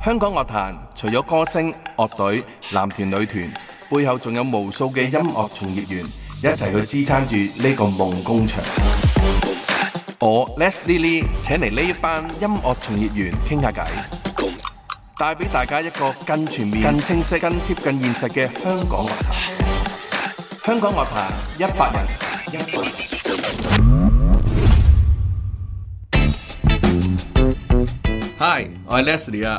香港樂壇除咗歌星、樂隊、男團、女團，背後仲有無數嘅音樂從業員一齊去支撐住呢個夢工場。 我 Leslie Lee 請嚟呢一班音樂從業員傾下偈，帶俾大家一個更全面、 更清晰、更貼近現實嘅香港樂壇。香港樂壇一百人。一百人。Hi，我係 Leslie Lee 啊。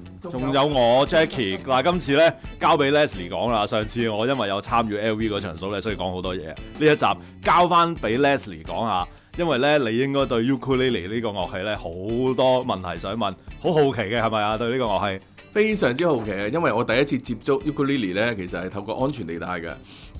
仲有我 Jackie 嗱、啊，今次呢交俾 Leslie 講啦。上次我因為有參與 LV 嗰場 show，所以講好多嘢。呢一集交翻俾 Leslie 講下，因為呢，你應該對 Ukulele 呢個樂器呢好多問題想問，好好奇嘅係咪啊？對呢個樂器。非常之好奇啊，因為我第一次接觸 ukulele 咧，其實係透過安全地帶嘅。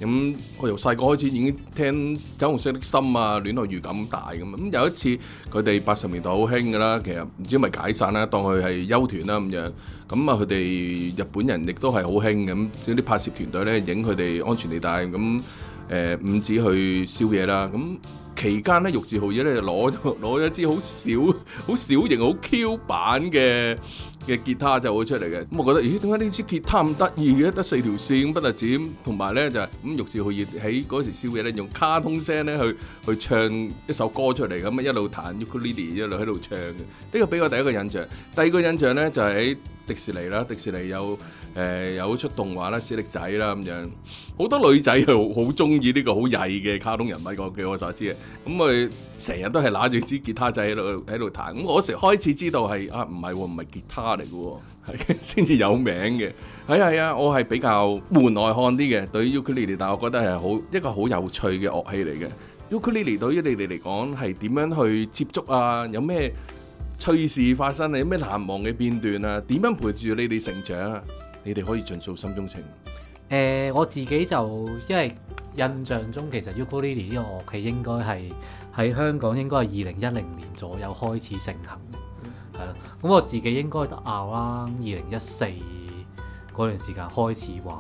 咁我由細個開始已經聽《酒紅色的心》啊，《戀愛預感大》咁啊。咁有一次佢哋八十年代好興㗎啦，其實唔知係咪解散啦，當佢係休團啦咁樣。咁啊，佢哋日本人亦都係好興咁，啲拍攝團隊咧影佢哋安全地帶咁誒，五子去宵夜啦。咁期間咧，玉置浩二咧就攞攞咗一支好小、好小型、好 Q 版嘅。嘅吉他就會出嚟嘅，咁我覺得咦，點解呢支吉他咁得意嘅？得四條線咁不得止。同埋咧就咁、係嗯、玉兆浩業喺嗰時燒嘢咧，用卡通聲咧去去唱一首歌出嚟，咁一路彈 ukulele 一路喺度唱嘅，呢、呢個俾我第一個印象，第二個印象咧就係喺。迪士尼啦，迪士尼有誒、呃、有出動畫啦，史力仔啦咁樣，好多女仔又好中意呢個好曳嘅卡通人物。據我所知，嘅、嗯，咁佢成日都係攬住支吉他仔喺度喺度彈。咁、嗯、我時開始知道係啊，唔係唔係吉他嚟嘅，係先至有名嘅。係啊係啊，我係比較門外漢啲嘅對於尤克里里，但係我覺得係好一個好有趣嘅樂器嚟嘅。尤克里里對於你哋嚟講係點樣去接觸啊？有咩？趣事發生，你有咩難忘嘅片段啊？點樣陪住你哋成長？你哋可以盡訴心中情。誒、呃，我自己就因為印象中其實 ukulele 呢個樂器應該係喺香港應該係二零一零年左右開始盛行嘅，啦、mm。咁、hmm. 我自己應該得拗啦，二零一四嗰段時間開始玩，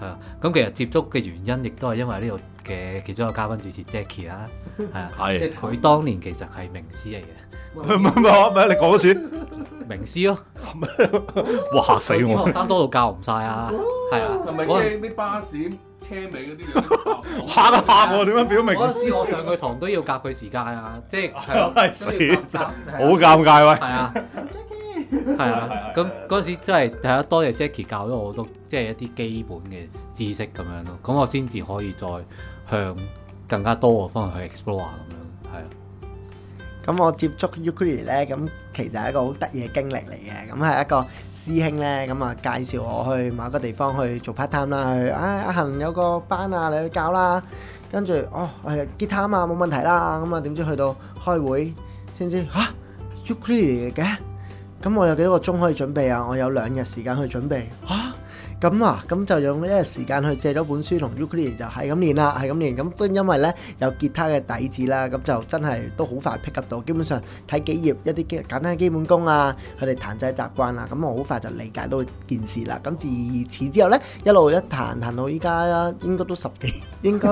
係啦。咁其實接觸嘅原因亦都係因為呢度嘅其中一個嘉賓主持 Jackie 啦，係啊 的，因為佢當年其實係名師嚟嘅。唔唔唔，咪你講先，名師咯， 哇嚇死我！啲學生多到教唔晒啊，係啊，同埋即係啲巴士車尾嗰啲嘢，嚇嚇我點樣表明？嗰陣時我上佢堂都要夾佢時間啊，即係係啊，真係死啊！好尷尬喂！係啊，係啊，咁嗰陣時真係睇得多嘢，Jackie 教咗我好多，即係一啲基本嘅知識咁樣咯，咁我先至可以再向更加多嘅方向去 explore 咁樣。咁我接觸 ukulele 咧，咁其實係一個好得意嘅經歷嚟嘅。咁係一個師兄咧，咁啊介紹我去某一個地方去做 part time 啦，去啊阿恆有個班啊，你去教啦。跟住哦，係吉他啊嘛，冇問題啦。咁啊點知去到開會先知嚇，ukulele 嘅？咁我有幾多個鐘可以準備啊？我有兩日時間去準備嚇。咁啊，咁就用呢個時間去借咗本書同 ukulele，就係咁練啦，係咁練。咁都因為咧有吉他嘅底子啦，咁就真係都好快 pick up 到。基本上睇幾頁一啲基簡單嘅基本功啊，佢哋彈制習慣啊，咁我好快就理解到件事啦。咁自此之後咧，一路一彈彈到依家，應該都十幾，應該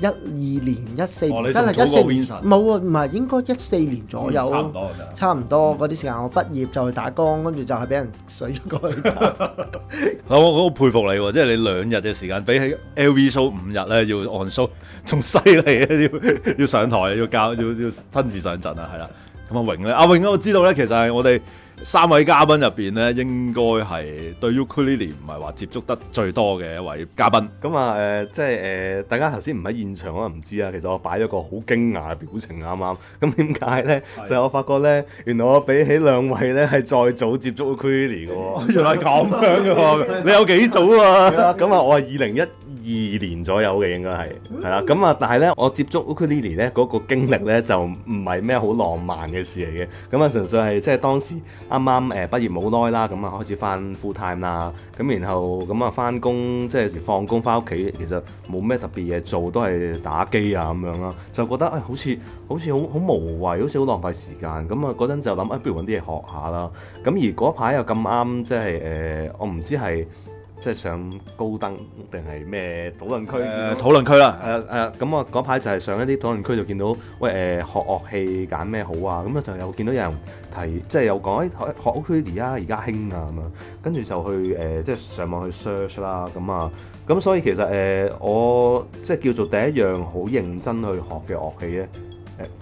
一二年一四，真係一四冇啊，唔係應該一四年左右，差唔多就差唔多嗰啲時間。我畢業就去打工，跟住就係俾人水咗過去。好。我好佩服你喎！即係你兩日嘅時間，比起 LV show 五日咧要 On show 仲犀利啊！要要上台，要教，要要親自上陣啊！係啦，咁阿榮咧，阿榮我知道咧，其實係我哋。三位嘉賓入邊咧，應該係對於 ukulele 唔係話接觸得最多嘅一位嘉賓。咁啊誒，即係誒、呃，大家頭先唔喺現場可能唔知啊。其實我擺咗個好驚訝嘅表情啱啱。咁點解咧？呢對 就我發覺咧，原來我比起兩位咧係再早接觸 ukulele 嘅喎。原來係咁樣嘅喎，你有幾早啊？咁 啊，我係二零一二年左右嘅應該係，係啦咁啊，但係咧，我接觸 ukulele 咧嗰個經歷咧就唔係咩好浪漫嘅事嚟嘅，咁啊純粹係即係當時啱啱誒畢業冇耐啦，咁啊開始翻 full time 啦，咁然後咁啊翻工即係有時放工翻屋企，就是，其實冇咩特別嘢做，都係打機啊咁樣啦，就覺得誒好似好似好好無謂，好似好浪費時間，咁啊嗰陣就諗誒、哎，不如揾啲嘢學下啦，咁而嗰排又咁啱，即係誒我唔知係。即係上高登定係咩討論區？Uh, 討論區啦，誒誒，咁我嗰排就係上一啲討論區就見到，喂誒、呃，學樂器揀咩好啊？咁啊，就又見到有人提，即係又講誒、哎、學學 violin 而家興啊咁樣，跟住就去誒、呃，即係上網去 search 啦，咁啊，咁所以其實誒、呃，我即係叫做第一樣好認真去學嘅樂器咧。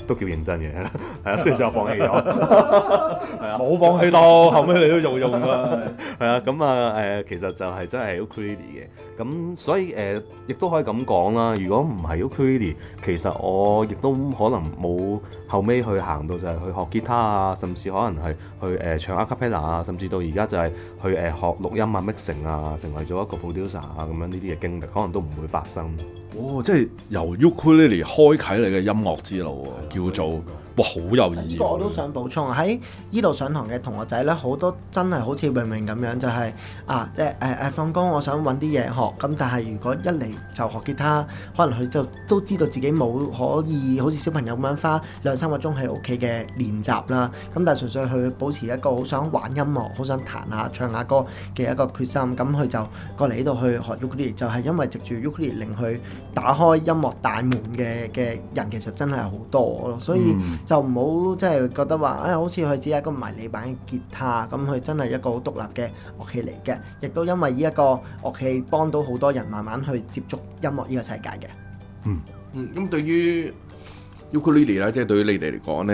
都叫認真嘅，係、嗯、啊，雖然就放棄咗，係 啊，冇放棄到，後尾你都用用啦，係啊，咁、嗯、啊，誒、嗯，其實就係、是、真係 Ukulele 嘅，咁所以誒，亦、嗯、都可以咁講啦。如果唔係 Ukulele 其實我亦都可能冇後尾去行到就係去學吉他啊，甚至可能係去誒、呃、唱 Acapella 啊，ella，甚至到而家就係去誒、呃、學錄音啊，mixing 啊，成為咗一個 producer 啊，咁樣呢啲嘅經歷，可能都唔會發生。哦，即係由 Ukulele 開啓你嘅音樂之路 樂叫做哇好有意義。個我都想補充喺呢度上堂嘅同學仔咧，好多真係好似明明咁樣，就係、是、啊，即係誒誒放工，啊、我想揾啲嘢學。咁但係如果一嚟就學吉他，可能佢就都知道自己冇可以好似小朋友咁樣花兩三個鐘喺屋企嘅練習啦。咁但係純粹佢保持一個好想玩音樂、好想彈下、唱下歌嘅一個決心，咁佢就過嚟呢度去學 Ukulele，就係因為藉住 Ukulele 令佢。打開音樂大門嘅嘅人其實真係好多咯，所以就唔好即係覺得話，哎，好似佢只係一個迷你版嘅吉他，咁佢真係一個好獨立嘅樂器嚟嘅，亦都因為呢一個樂器幫到好多人慢慢去接觸音樂呢個世界嘅。嗯嗯，咁對於尤克里里咧，即係對於你哋嚟講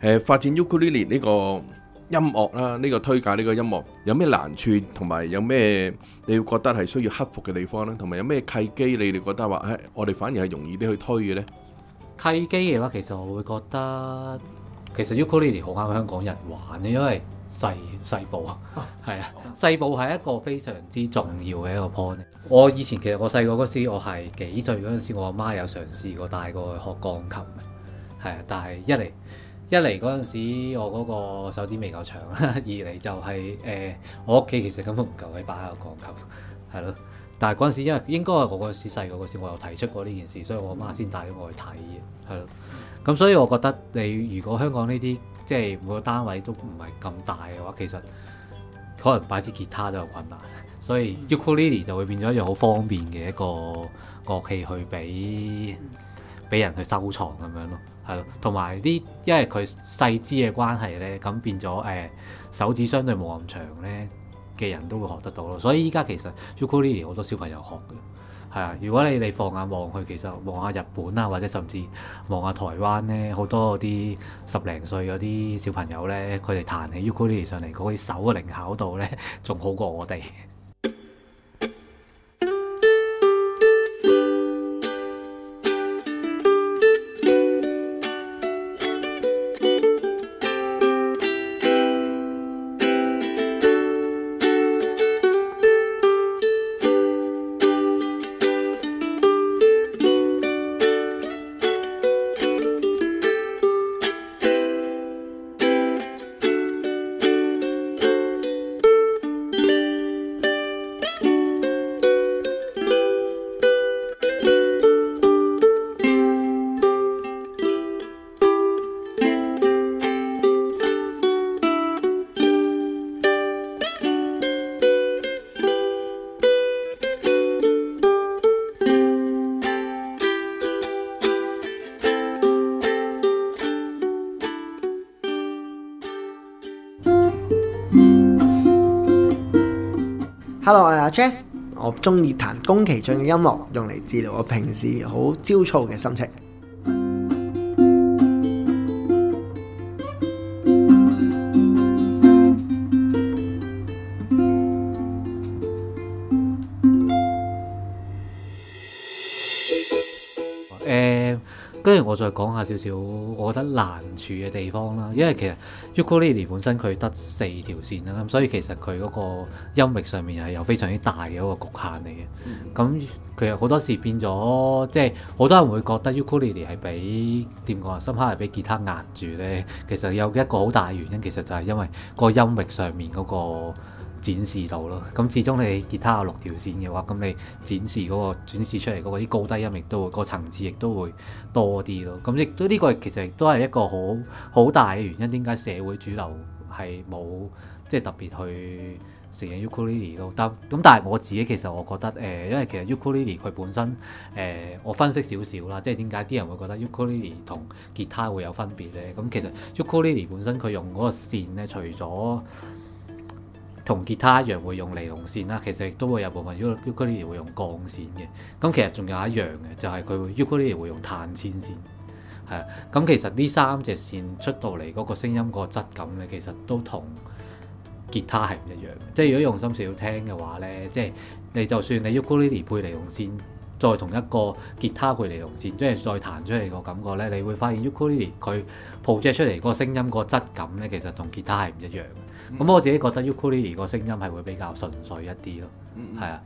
咧，誒發展尤克里里呢個。音樂啦，呢個推介呢個音樂有咩難處，同埋有咩你會覺得係需要克服嘅地方咧？同埋有咩契機，你哋覺得話，唉、哎，我哋反而係容易啲去推嘅咧？契機嘅話，其實我會覺得，其實 ukulele 好啱香港人玩咧，因為細細部，係啊，細部係一個非常之重要嘅一個 point。我以前其實我細個嗰時，我係幾歲嗰陣時，我阿媽有嘗試過帶我去學鋼琴，係啊，但係一嚟。一嚟嗰陣時我嗰個手指未夠長啦，二嚟就係、是、誒、呃、我屋企其實根本唔夠去擺下鋼琴，係咯。但係嗰陣時因為應該係我個時細個嗰時，我又提出過呢件事，所以我阿媽先帶咗我去睇嘅，係咯。咁所以我覺得你如果香港呢啲即係每個單位都唔係咁大嘅話，其實可能擺支吉他都有困難，所以 ukulele 就會變咗一樣好方便嘅一個樂器去俾。俾人去收藏咁樣咯，係咯，同埋啲因為佢細枝嘅關係咧，咁變咗誒、呃、手指相對冇咁長咧嘅人都會學得到咯。所以依家其實 ukulele 好多小朋友學嘅，係啊。如果你你放眼望去，其實望下日本啊，或者甚至望下台灣咧，好多嗰啲十零歲嗰啲小朋友咧，佢哋彈起 ukulele 上嚟，佢可以手嘅靈巧度咧仲好過我哋。Jeff，我中意彈宮崎駿嘅音樂，用嚟治療我平時好焦躁嘅心情。講下少少，我覺得難處嘅地方啦，因為其實 ukulele 本身佢得四條線啦，咁所以其實佢嗰個音域上面係有非常之大嘅一個局限嚟嘅。咁、嗯嗯、其實好多時變咗，即係好多人會覺得 ukulele 係畀點講啊，深刻係畀吉他壓住咧。其實有一個好大原因，其實就係因為個音域上面嗰、嗰個。展示到咯，咁始終你吉他有六條線嘅話，咁你展示嗰、嗰個展示出嚟嗰個啲高低音亦都、嗰個層次亦都會多啲咯。咁亦都呢個其實都係一個好好大嘅原因，點解社會主流係冇即係特別去成日 ukulele 都得。咁但係我自己其實我覺得誒、呃，因為其實 ukulele 佢本身誒、呃、我分析少少啦，即係點解啲人會覺得 ukulele 同吉他會有分別咧？咁其實 ukulele 本身佢用嗰個線咧，除咗同吉他一樣會用尼龍線啦，其實都會有部分 U Ukulele 會用鋼線嘅。咁其實仲有一樣嘅，就係佢 Ukulele 會用碳纖線，係啊。咁其實呢三隻線出到嚟嗰個聲音個質感咧，其實都同吉他係唔一樣。即係如果用心少少聽嘅話咧，即係你就算你 Ukulele 配尼龍線，再同一個吉他配尼龍線，即係再彈出嚟個感覺咧，你會發現 Ukulele 佢 project 出嚟嗰個聲音個質感咧，其實同吉他係唔一樣。咁我自己覺得 ukulele 個聲音係會比較純粹一啲咯，係啊，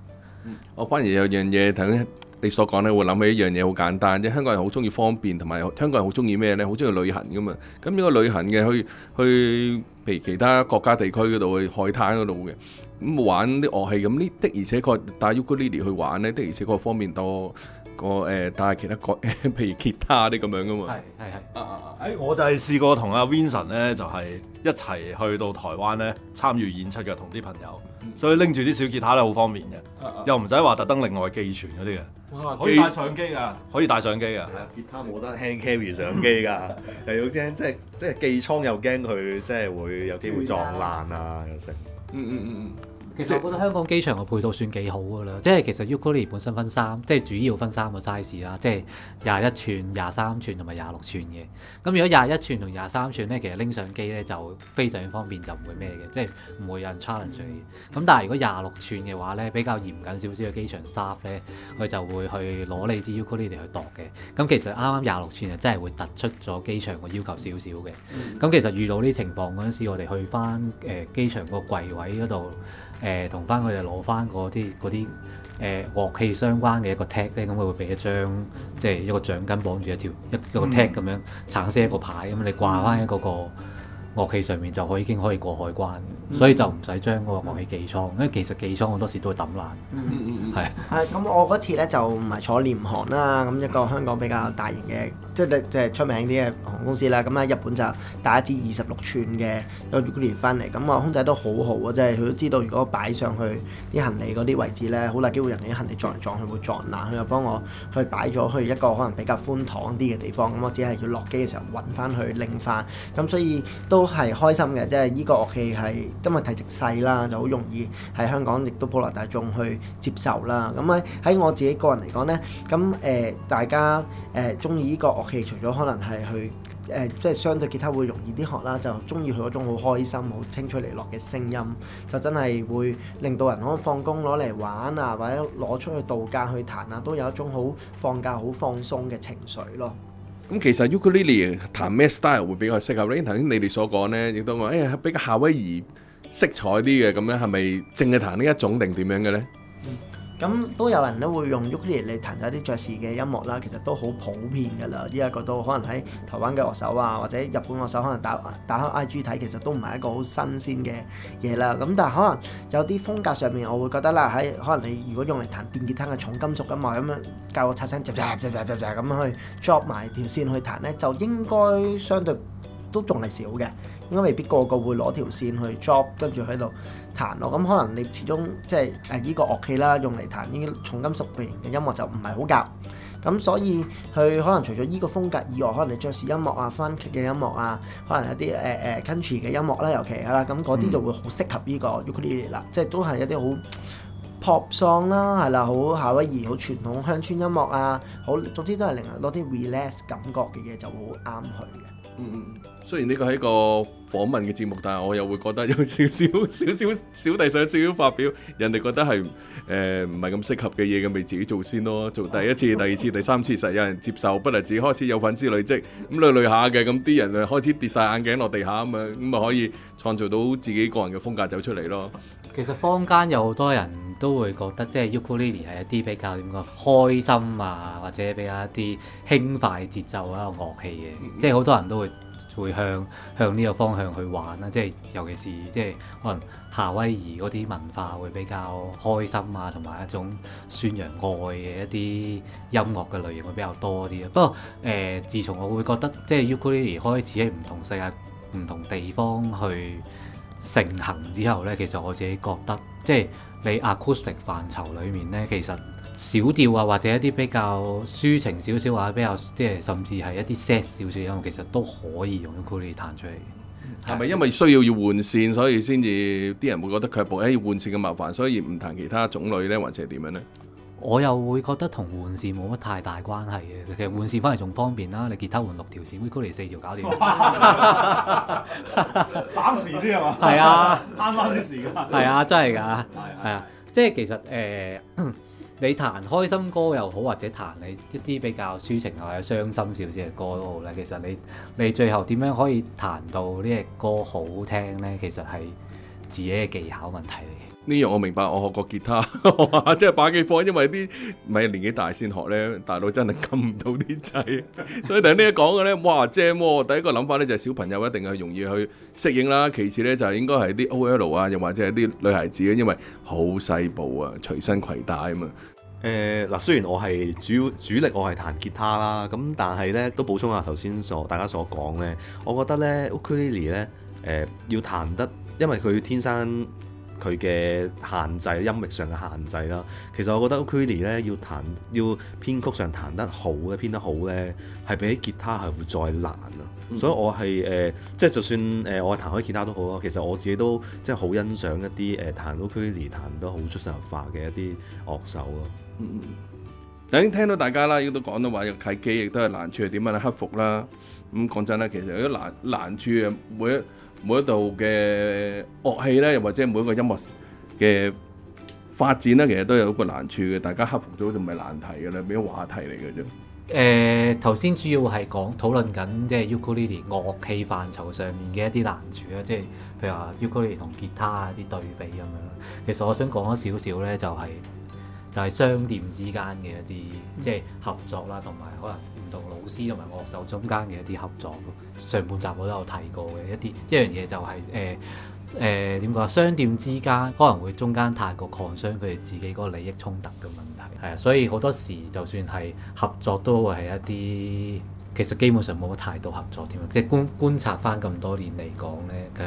我反而有樣嘢頭先你所講咧，我諗起一樣嘢好簡單啫，香港人好中意方便，同埋香港人好中意咩咧？好中意旅行㗎嘛。咁如果旅行嘅去去譬如其他國家地區嗰度，去海灘嗰度嘅咁玩啲樂器，咁呢的而且確帶 ukulele 去玩咧，的而且確方便多。個誒，但、呃、係其他國，譬如吉他啲咁樣噶嘛。係係係。啊、哎、我就係試過同阿 Vincent 咧，就係、係、一齊去到台灣咧參與演出嘅，同啲朋友。嗯、所以拎住啲小吉他咧，好方便嘅。啊、又唔使話特登另外寄存嗰啲嘅。啊、可以、可以帶相機㗎。可以帶相機㗎。係啊，吉他冇得 hand carry 相機㗎。 就係就係、又要驚，即係即係寄倉又驚佢即係會有機會撞爛啊，又剩、嗯。嗯嗯嗯嗯。其實我覺得香港機場嘅配套算幾好㗎啦，即係其實 ukulele 本身分三，即係主要分三個 size 啦，即係廿一寸、廿三寸同埋廿六寸嘅。咁如果廿一寸同廿三寸咧，其實拎上機咧就非常方便，就唔會咩嘅，即係唔會有人 challenge 你。咁但係如果廿六寸嘅話咧，比較嚴謹少少嘅機場 staff 咧，佢就會去攞你支 ukulele 去度嘅。咁其實啱啱廿六寸就真係會突出咗機場嘅要求少少嘅。咁其實遇到呢情況嗰陣時，我哋去返誒機場個櫃位嗰度。誒、呃、同翻佢哋攞翻嗰啲啲誒樂器相關嘅一個 tag 咧，咁佢會俾一張即係一個獎金綁住一條一一個 tag 咁樣，橙色一個牌咁，你掛翻喺嗰個樂器上面就可以經可以過海關，所以就唔使將個樂器寄倉，因為其實寄倉好多時都會抌爛。嗯嗯嗯嗯，係、 啊。係咁，我嗰次咧就唔係坐廉航啦，咁一個香港比較大型嘅。即係即係出名啲嘅航空公司啦，咁啊日本就帶一支二十六寸嘅一個 ukulele 翻嚟，咁啊空姐都好好啊，即係佢都知道如果擺上去啲行李嗰啲位置咧，好大機會人哋啲行李撞嚟撞去會撞爛，佢又幫我去擺咗去一個可能比較寬敞啲嘅地方，咁我只係要落機嘅時候揾翻去拎翻，咁所以都係開心嘅，即係依個樂器係今日體積細啦，就好容易喺香港亦都普羅大眾去接受啦。咁啊喺我自己個人嚟講咧，咁誒、呃、大家誒中意依個。樂器除咗可能係去誒，即係相對吉他會容易啲學啦，就中意佢嗰種好開心、好清脆利落嘅聲音，就真係會令到人可以放工攞嚟玩啊，或者攞出去度假去彈啊，都有一種好放假、好放鬆嘅情緒咯。咁其實 ukulele 彈咩 style 會比較適合咧？頭先你哋所講咧，亦都話哎呀比較夏威夷色彩啲嘅咁樣，係咪淨係彈呢一種定點樣嘅咧？咁都有人都會用 ukulele 嚟彈咗啲爵士嘅音樂啦，其實都好普遍㗎喇。呢一個都可能喺台灣嘅樂手啊，或者日本樂手可能打打開 IG 睇，其實都唔係一個好新鮮嘅嘢啦。咁但係可能有啲風格上面，我會覺得啦，喺可能你如果用嚟彈電結他嘅重金屬音樂咁樣，教個擦聲，喳喳喳喳喳咁樣去 drop 埋條線去彈咧，就應該相對，都仲係少嘅，應該未必個個會攞條線去 drop 跟住喺度彈咯。咁、嗯、可能你始終即係誒依個樂器啦，用嚟彈依啲重金屬類型嘅音樂就唔係好夾。咁所以佢可能除咗呢個風格以外，可能你爵士音樂啊、funky 嘅音樂啊，可能一啲誒誒 country 嘅音樂啦、啊，尤其係啦，咁嗰啲就會好適合呢個 ukulele、ok、啦。即係都係一啲好 pop song 啦，係啦，好夏威夷好傳統鄉村音樂啊，好總之都係令人攞啲 relax 感覺嘅嘢就會好啱佢嘅。嗯嗯。雖然呢個係一個訪問嘅節目，但係我又會覺得有少少少少少第上少少發表，人哋覺得係誒唔係咁適合嘅嘢嘅，咪自己先做先咯。做第一次、第二次、第三次，實有人接受，不能自己開始有粉絲累積，咁累累下嘅，咁啲人就開始跌晒眼鏡落地下，咁咪咁咪可以創造到自己個人嘅風格走出嚟咯。其實坊間有好多人都會覺得，即係 ukulele 係一啲比較點講開心啊，或者比較一啲輕快節奏一個樂器嘅，嗯、即係好多人都會。會向向呢個方向去玩啦，即係尤其是即係可能夏威夷嗰啲文化會比較開心啊，同埋一種宣揚愛嘅一啲音樂嘅類型會比較多啲咯。不過誒、呃，自從我會覺得即係 ukulele 開始喺唔同世界唔同地方去盛行之後呢，其實我自己覺得即係你 acoustic 範疇裡面呢，其實。小調啊，或者一啲比較抒情少少啊，比較即係甚至係一啲 sad 少少音，其實都可以用 ukulele 彈出嚟。係咪因為需要要換線，所以先至啲人會覺得卻步哎，要換線咁麻煩，所以唔彈其他種類咧，或者係點樣咧？我又會覺得同換線冇乜太大關係嘅。其實換線翻嚟仲方便啦，你吉他換六條線，ukulele 四條搞掂，省時啲啊嘛。係啊，慳翻啲時間。係啊，真係㗎。係啊，即係其實誒。你彈開心歌又好，或者彈你一啲比較抒情，或者傷心少少嘅歌都好咧。其實你你最後點樣可以彈到呢隻歌好聽呢？其實係自己嘅技巧問題嚟。呢樣我明白，我學過吉他，即 係把幾課，因為啲咪年紀大先學咧，大佬真係禁唔到啲仔。 所以提呢一講嘅咧，哇！正係、哦、第一個諗法咧，就係小朋友一定係容易去適應啦。其次咧，就係、是、應該係啲 O L 啊，又或者係啲女孩子嘅，因為好細部啊，隨身攜帶啊嘛。誒嗱、呃，雖然我係主要主力，我係彈吉他啦，咁但係咧都補充下頭先所大家所講咧，我覺得咧 Ukulele 咧，誒、呃、要彈得，因為佢天生。佢嘅限制，音域上嘅限制啦。其實我覺得，ukulele 咧要彈，要編曲上彈得好咧，編得好咧，係比起吉他係會再難啊。嗯、所以我係誒，即、呃、係就算誒，我係彈開吉他都好咯。其實我自己都即係好欣賞一啲誒，彈、呃、ukulele 彈得好出神入化嘅一啲樂手咯、嗯。嗯嗯，咁聽到大家啦，亦都講到話有契機，亦都係難處係點樣啊？克服啦。咁講真啦，其實有啲難難處啊，每一。每一度嘅樂器咧，又或者每一個音樂嘅發展咧，其實都有一個難處嘅，大家克服咗就唔係難題嘅啦，咩話題嚟嘅啫？誒、呃，頭先主要係講討論緊即係 ukulele 樂器範疇上面嘅一啲難處啦，即係譬如話 ukulele 同吉他呀啲對比咁樣。其實我想講一少少咧，就係就係商店之間嘅一啲即係合作啦，同埋、嗯、可能。同老師同埋樂手中間嘅一啲合作，上半集我都有提過嘅一啲一樣嘢，就係，就係誒誒點講商店之間可能會中間太過擴商，佢哋自己嗰個利益衝突嘅問題，係啊，所以好多時就算係合作，都會係一啲其實基本上冇乜太多合作添啊！即係觀觀察翻咁多年嚟講咧，其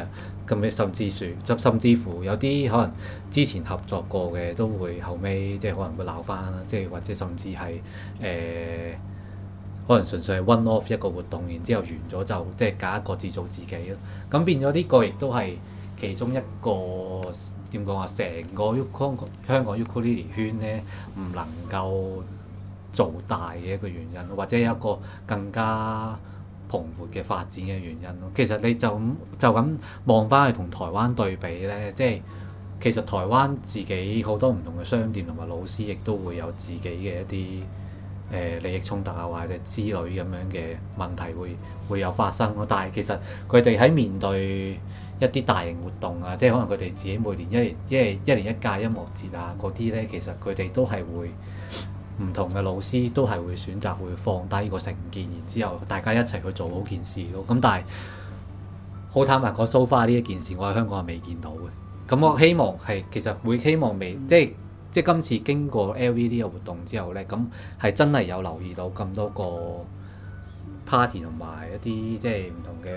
實咁樣甚至說，甚至乎有啲可能之前合作過嘅，都會後尾即係可能會鬧翻啦，即係或者甚至係誒。呃可能純粹係 one off 一個活動，然之後完咗就即係、就係、一各自做自己咯。咁變咗呢個亦都係其中一個點講啊，成個香港香港 ukulele 圈咧，唔能夠做大嘅一個原因，或者一個更加蓬勃嘅發展嘅原因咯。其實你就咁就咁望翻去同台灣對比咧，即係其實台灣自己好多唔同嘅商店同埋老師，亦都會有自己嘅一啲。誒利益衝突啊，或者之類咁樣嘅問題會會有發生咯。但係其實佢哋喺面對一啲大型活動啊，即係可能佢哋自己每年一年，因為一年一屆音樂節啊嗰啲咧，其實佢哋都係會唔同嘅老師都係會選擇會放低個成見，然之後大家一齊去做好件事咯。咁但係好坦白講，so far 呢一件事，我喺香港係未見到嘅。咁我希望係其實會希望未即係。即係今次經過 LV 呢個活動之後咧，咁係真係有留意到咁多個 party 同埋一啲即係唔同嘅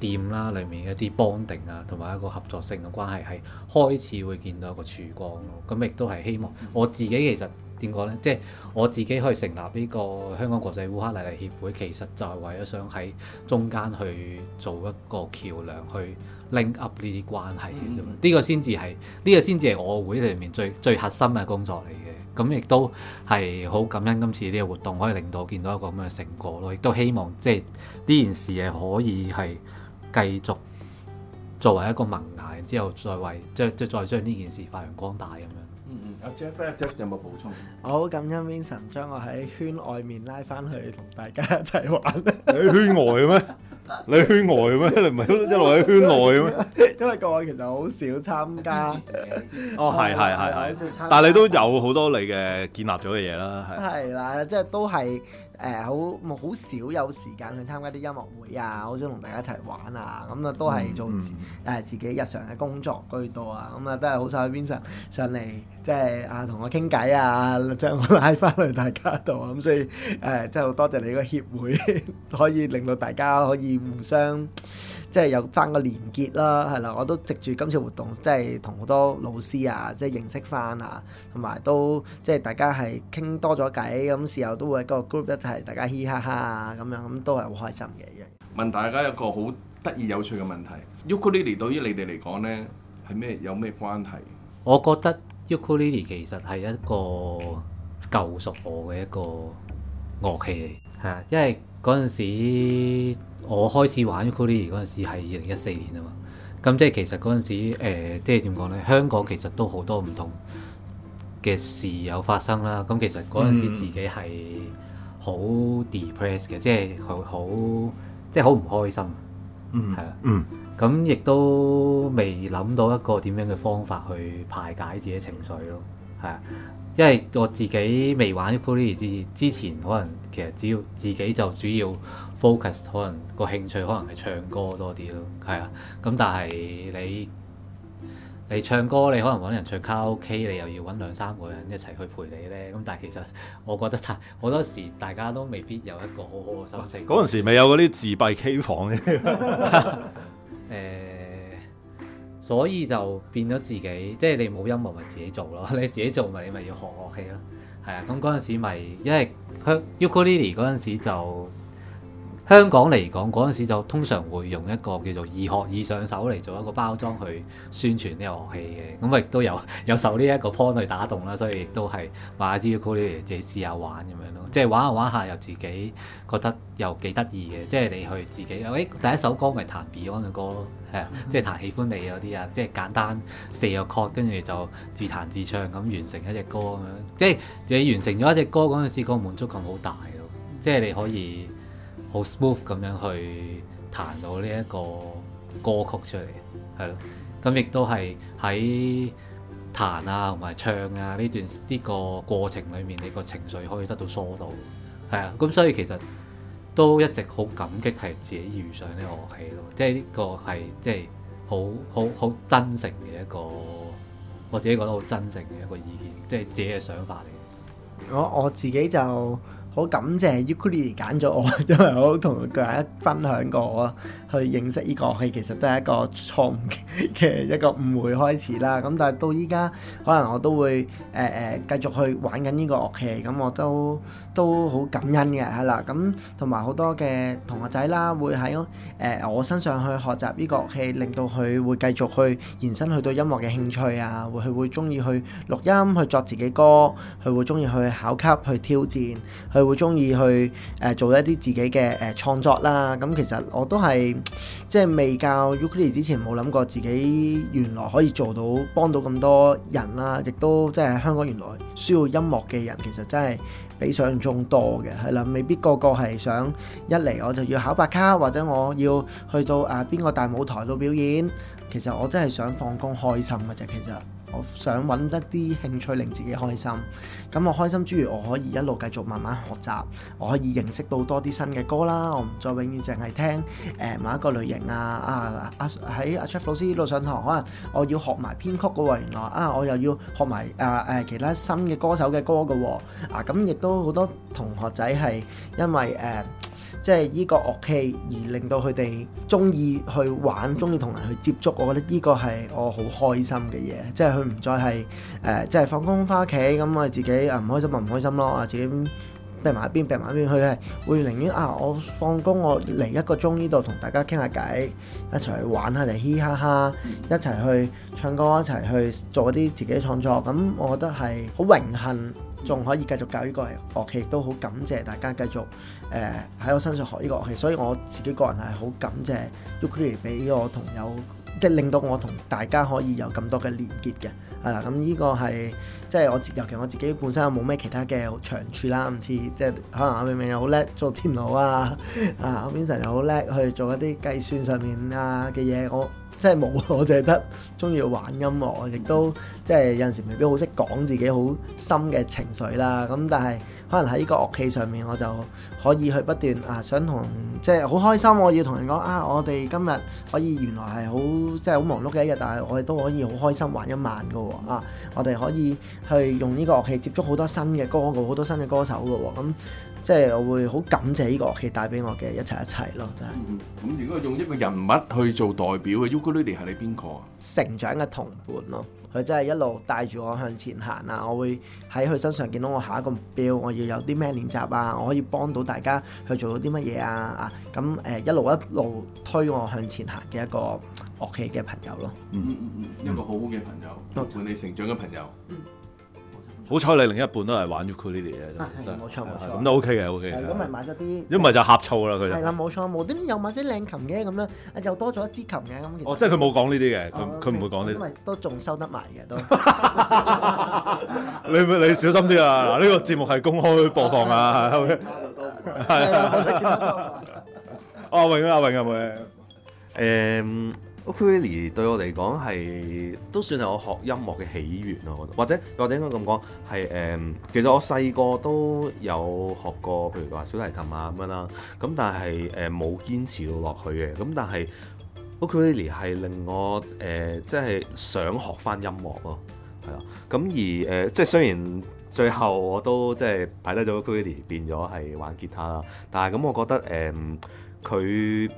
店啦，裡面一啲 bonding 啊，同埋一個合作性嘅關係，係開始會見到一個曙光咯。咁亦都係希望我自己其實。點講呢？即係我自己去成立呢個香港國際烏克麗麗協會，其實就係為咗想喺中間去做一個橋梁，去拎 up 呢啲關係嘅啫。呢個先至係，呢、呢個先至係我會裏面最最核心嘅工作嚟嘅。咁亦都係好感恩今次呢個活動，可以令到我見到一個咁嘅成果咯。亦都希望即係呢件事係可以係繼續作為一個萌芽，之後再，再為即即再將呢件事發揚光大咁樣。嗯嗯，阿 Jeff 啊 Jeff 有冇補充？好，感、oh，恩 Vincent 將我喺圈外面拉翻去同大家一齊玩 。你圈外嘅咩？ 你圈外嘅咩？你唔係一路喺圈內嘅咩？因為各位其實好少參加。 哦，係係係係，但係你都有好多你嘅建立咗嘅嘢啦，係。係啦，即係都係。誒好好少有時間去參加啲音樂會啊！好少同大家一齊玩啊！咁啊都係做誒自、嗯呃、自己日常嘅工作居多啊！咁啊都係好想邊上上嚟，即係啊同我傾偈啊，將我、啊、我拉翻嚟大家度啊！咁、嗯、所以誒、呃，真係好多謝你個協會， 可以令到大家可以互相、嗯。即係有翻個連結啦，係啦，我都藉住今次活動，即係同好多老師啊，即係認識翻啊，同埋都即係大家係傾多咗偈，咁、嗯、時候都會喺個 group 一齊，大家嘻哈哈啊，咁樣咁都係好開心嘅一樣。問大家一個好得意有趣嘅問題：ukulele 對於你哋嚟講咧係咩？有咩關係？我覺得 ukulele 其實係一個救贖我嘅一個樂器嚟係啊，因為嗰陣時。我開始玩 ukulele 嗰陣時係二零一四年啊嘛，咁即係其實嗰陣時、呃、即係點講咧？香港其實都好多唔同嘅事有發生啦。咁其實嗰陣時自己係好 depressed、mm hmm. 嘅，即係佢好即係好唔開心。嗯、mm，係、hmm. 啊。嗯，咁亦都未諗到一個點樣嘅方法去排解自己情緒咯。係啊。因為我自己未玩 ukulele 之之前，可能其實只要自己就主要 focus，可能個興趣可能係唱歌多啲咯，係啊。咁但係你你唱歌，你可能揾人唱卡拉 OK，你又要揾兩三個人一齊去陪你呢。咁但係其實我覺得，但好多時大家都未必有一個好好嘅心情，啊。嗰陣時咪有嗰啲自閉 K 房嘅。 所以就變咗自己，即係你冇音樂咪自己做咯，你自己做咪你咪要學樂器咯，係啊，咁嗰陣時咪因為學 ukulele 嗰陣時就。香港嚟講，嗰陣時就通常會用一個叫做易學易上手嚟做一個包裝去宣傳呢個樂器嘅。咁我亦都有有受呢一個 point 打動啦，所以亦都係買啲嘅嘢嚟自己試下玩咁樣咯。即係玩，一玩一下玩下又自己覺得又幾得意嘅。即係你去自己喂、哎、第一首歌咪彈 Beyond 嘅歌咯，係啊， 即係彈喜歡你嗰啲啊，即係簡單四個 note 跟住就自彈自唱咁完成一隻歌咁樣。即係你完成咗一隻歌嗰陣時，個滿足感好大咯。即係你可以。好 smooth 咁樣去彈到呢一個歌曲出嚟，係咯，咁、嗯、亦都係喺彈啊同埋唱啊呢段呢、呢個過程裡面，你、這個情緒可以得到疏導，係啊，咁、嗯嗯、所以其實都一直好感激係自己遇上呢個樂器咯，即係呢個係即係好好好真誠嘅一個，我自己覺得好真誠嘅一個意見，即係自己嘅想法嚟。我我自己就。好感謝 ukulele 揀咗我，因為我同大家分享過，去認識依個樂器其實都係一個錯誤嘅一個誤會開始啦。咁但係到依家，可能我都會誒誒繼續去玩緊依個樂器，咁我都都好感恩嘅係啦。咁同埋好多嘅同學仔啦，會喺誒我身上去學習依個樂器，令到佢會繼續去延伸去對音樂嘅興趣啊。會佢會中意去錄音，去作自己歌，佢會中意去考級，去挑戰去。會中意去誒、呃、做一啲自己嘅誒創作啦，咁其實我都係即係未教尤克里里之前，冇諗過自己原來可以做到幫到咁多人啦，亦都即係香港原來需要音樂嘅人，其實真係比想象中多嘅，係啦，未必個個係想一嚟我就要考白卡，或者我要去到誒、啊、邊個大舞台度表演，其實我真係想放工開心嘅啫，其實。我想揾得啲興趣令自己開心，咁我開心之餘，我可以一路繼續慢慢學習，我可以認識到多啲新嘅歌啦，我唔再永遠淨係聽誒、呃、某一個類型啊啊啊！喺阿 Chef 老師呢度上堂，可能我要學埋編曲嘅喎，原來啊，我又要學埋誒誒其他新嘅歌手嘅歌嘅喎，啊咁亦都好多同學仔係因為誒。啊即係呢個樂器而令到佢哋中意去玩，中意同人去接觸，我覺得呢個係我好開心嘅嘢。即係佢唔再係誒、呃，即係放工翻屋企咁我自己啊唔開心咪唔開心咯，啊自己避埋一邊，避埋一邊。佢係會寧願啊，我放工我嚟一個鐘呢度同大家傾下偈，一齊去玩下嚟，嘻哈哈，一齊去唱歌，一齊去做啲自己創作。咁我覺得係好榮幸。仲可以繼續教呢個係樂器，亦都好感謝大家繼續誒喺、呃、我身上學呢個樂器，所以我自己個人係好感謝 Ukulele 俾我同有，即係令到我同大家可以有咁多嘅連結嘅。係、嗯、啦，咁呢個係即係我尤其我自己本身又冇咩其他嘅長處啦，唔似即係可能阿明明又好叻做電腦啊，啊 Vincent 又好叻去做一啲計算上面啊嘅嘢，我即係冇，我淨係得中意玩音樂，亦都。即係有陣時未必好識講自己好深嘅情緒啦，咁但係可能喺呢個樂器上面，我就可以去不斷啊，想同即係好開心，我要同人講啊，我哋今日可以原來係好即係好忙碌嘅一日，但係我哋都可以好開心玩一晚嘅喎啊！我哋可以去用呢個樂器接觸好多新嘅歌，好多新嘅歌手嘅喎啊，咁即係我會好感謝呢個樂器帶俾我嘅一切一切咯，真係。咁，嗯嗯，如果用一個人物去做代表嘅 ukulele，係你邊個啊？成長嘅同伴咯。佢真係一路帶住我向前行啊！我會喺佢身上見到我下一個目標，我要有啲咩練習啊？我可以幫到大家去做到啲乜嘢啊？啊！咁誒、呃、一路一路推我向前行嘅一個樂器嘅朋友咯，嗯嗯嗯，嗯嗯一個好嘅朋友，伴、嗯、你成長嘅朋友。嗯。好彩你另一半都係玩咗佢呢啲嘢，冇錯冇錯，咁都 OK 嘅 OK 嘅。咁咪買咗啲，一唔係就呷醋啦佢就。係啦冇錯，冇端端又買啲靚琴嘅咁樣，又多咗一支琴嘅咁。哦，即係佢冇講呢啲嘅，佢佢唔會講呢啲。都仲收得埋嘅都。你你小心啲啊！嗱，呢個節目係公開播放啊。媽就收唔到。阿榮阿榮阿妹，誒。ukulele 對我嚟講係都算係我學音樂嘅起源啊！我覺得，或者我哋應該咁講係誒，其實我細個都有學過，譬如話小提琴啊咁樣啦，咁但係誒冇堅持到落去嘅。咁但係 ukulele 係令我誒、呃、即係想學翻音樂咯，係啊。咁、啊、而誒、呃、即係雖然最後我都即係擺低咗 ukulele 變咗係玩吉他啦。但係咁、嗯，我覺得誒佢。呃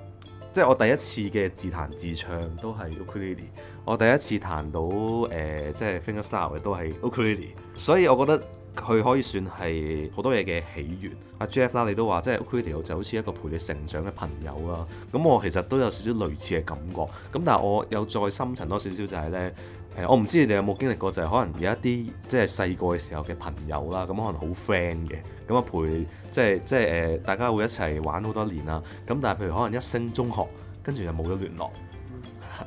即係我第一次嘅自彈自唱都係 ukulele，我第一次彈到誒、呃、即係 fingerstyle 嘅都係 ukulele，所以我覺得佢可以算係好多嘢嘅起源。阿、啊、Jeff 啦，你都話即係 ukulele 就好似一個陪你成長嘅朋友啦。咁我其實都有少少類似嘅感覺。咁但係我又再深層多少少就係咧。我唔知你哋有冇經歷過，就係可能有一啲即係細個嘅時候嘅朋友啦，咁可能好 friend 嘅，咁啊陪，即係即係誒，大家會一齊玩好多年啦。咁但係譬如可能一升中學，跟住就冇咗聯絡，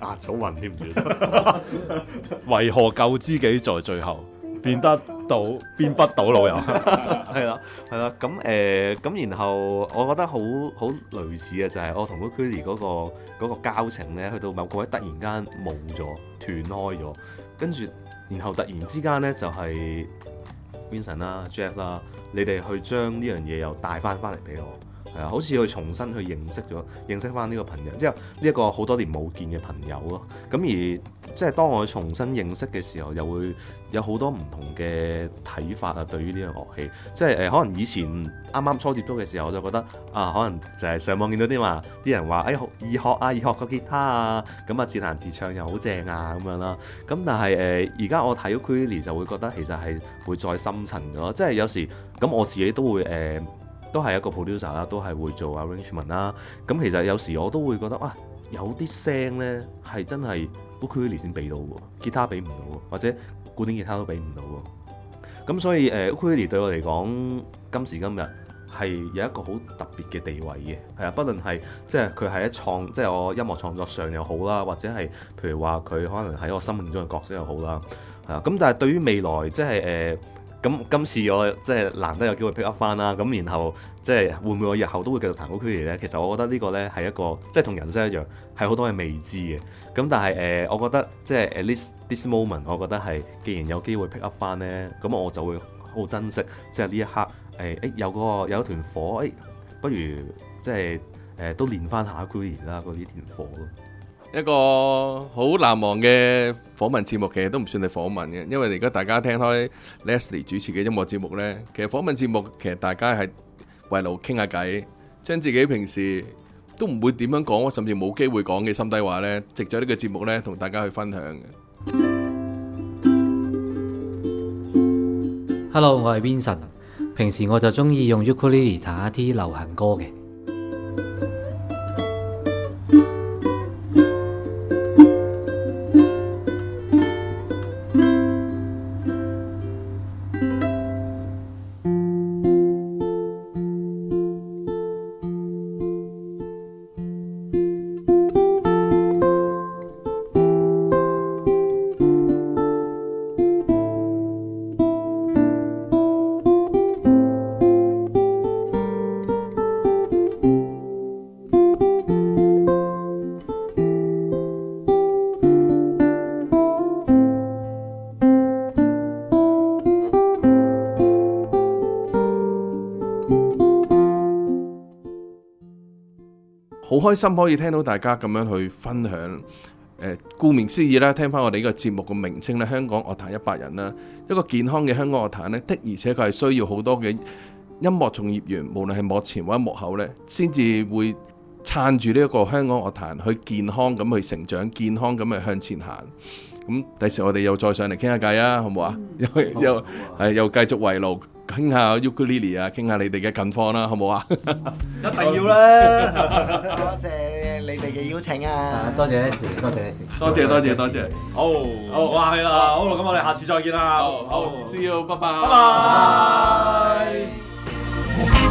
壓咗雲添住， 為何舊知己在最後？變得到變不到老友，係啦係啦，咁誒咁然後我覺得好好類似嘅就係我同 Lucy 嗰個嗰、那個交情咧，去到某個位突然間冇咗斷開咗。跟住然後突然之間咧就係、是、Vincent 啦、啊、Jack 啦、啊，你哋去將呢樣嘢又帶翻翻嚟俾我。係啊，好似去重新去認識咗，認識翻呢個朋友，之後呢一個好多年冇見嘅朋友咯。咁而即係當我重新認識嘅時候，又會有好多唔同嘅睇法啊。對於呢個樂器，即係誒可能以前啱啱初接觸嘅時候，我就覺得啊，可能就係上網見到啲話，啲人話誒學易學啊，易學個吉他啊，咁啊自彈自唱又好正啊咁樣啦。咁但係誒而家我睇 ukulele 就會覺得其實係會再深層咗。即係有時咁我自己都會誒。呃都係一個 producer 啦，都係會做 arrangement 啦。咁其實有時我都會覺得哇，有啲聲咧係真係 ukulele 先俾到喎，吉他俾唔到喎，或者古典吉他都俾唔到喎。咁所以誒 ukulele 對我嚟講，今時今日係有一個好特別嘅地位嘅。係啊，不論係即係佢喺創即係我音樂創作上又好啦，或者係譬如話佢可能喺我生命中嘅角色又好啦。係啊，咁但係對於未來即係誒。呃咁今次我即係難得有機會 pick up 翻啦，咁然後即係會唔會我日後都會繼續彈 ukulele 咧？其實我覺得呢個咧係一個即係同人生一樣係好多嘢未知嘅。咁但係誒、呃，我覺得即係 at least this moment，我覺得係既然有機會 pick up 翻咧，咁我就會好珍惜即係呢一刻誒誒有嗰個有一團火誒，不如即係誒都練翻下 ukulele 啦嗰啲團火咯。一個好難忘嘅訪問節目，其實都唔算係訪問嘅，因為而家大家聽開 Leslie 主持嘅音樂節目咧，其實訪問節目其實大家係為嚟傾下偈，將自己平時都唔會點樣講，甚至冇機會講嘅心底話咧，藉咗呢個節目咧，同大家去分享嘅。Hello，我係 Vincent，平時我就中意用 ukulele 彈下啲流行歌嘅。開心可以聽到大家咁樣去分享，誒、呃，顧名思義啦，聽翻我哋呢個節目嘅名稱咧，香港樂壇一百人啦，一個健康嘅香港樂壇呢，的而且確係需要好多嘅音樂從業員，無論係幕前或者幕後呢，先至會撐住呢一個香港樂壇去健康咁去成長，健康咁去向前行。咁第時我哋又再上嚟傾下偈啊，好唔好啊？又又係又繼續圍爐傾下 ukulele 啊，傾下你哋嘅近況啦，好唔好啊？一定要啦！多謝你哋嘅邀請啊！多謝多謝多謝多謝多謝多謝，好，好哇係啦，好，咁我哋下次再見啦，好，See you，拜拜，拜拜。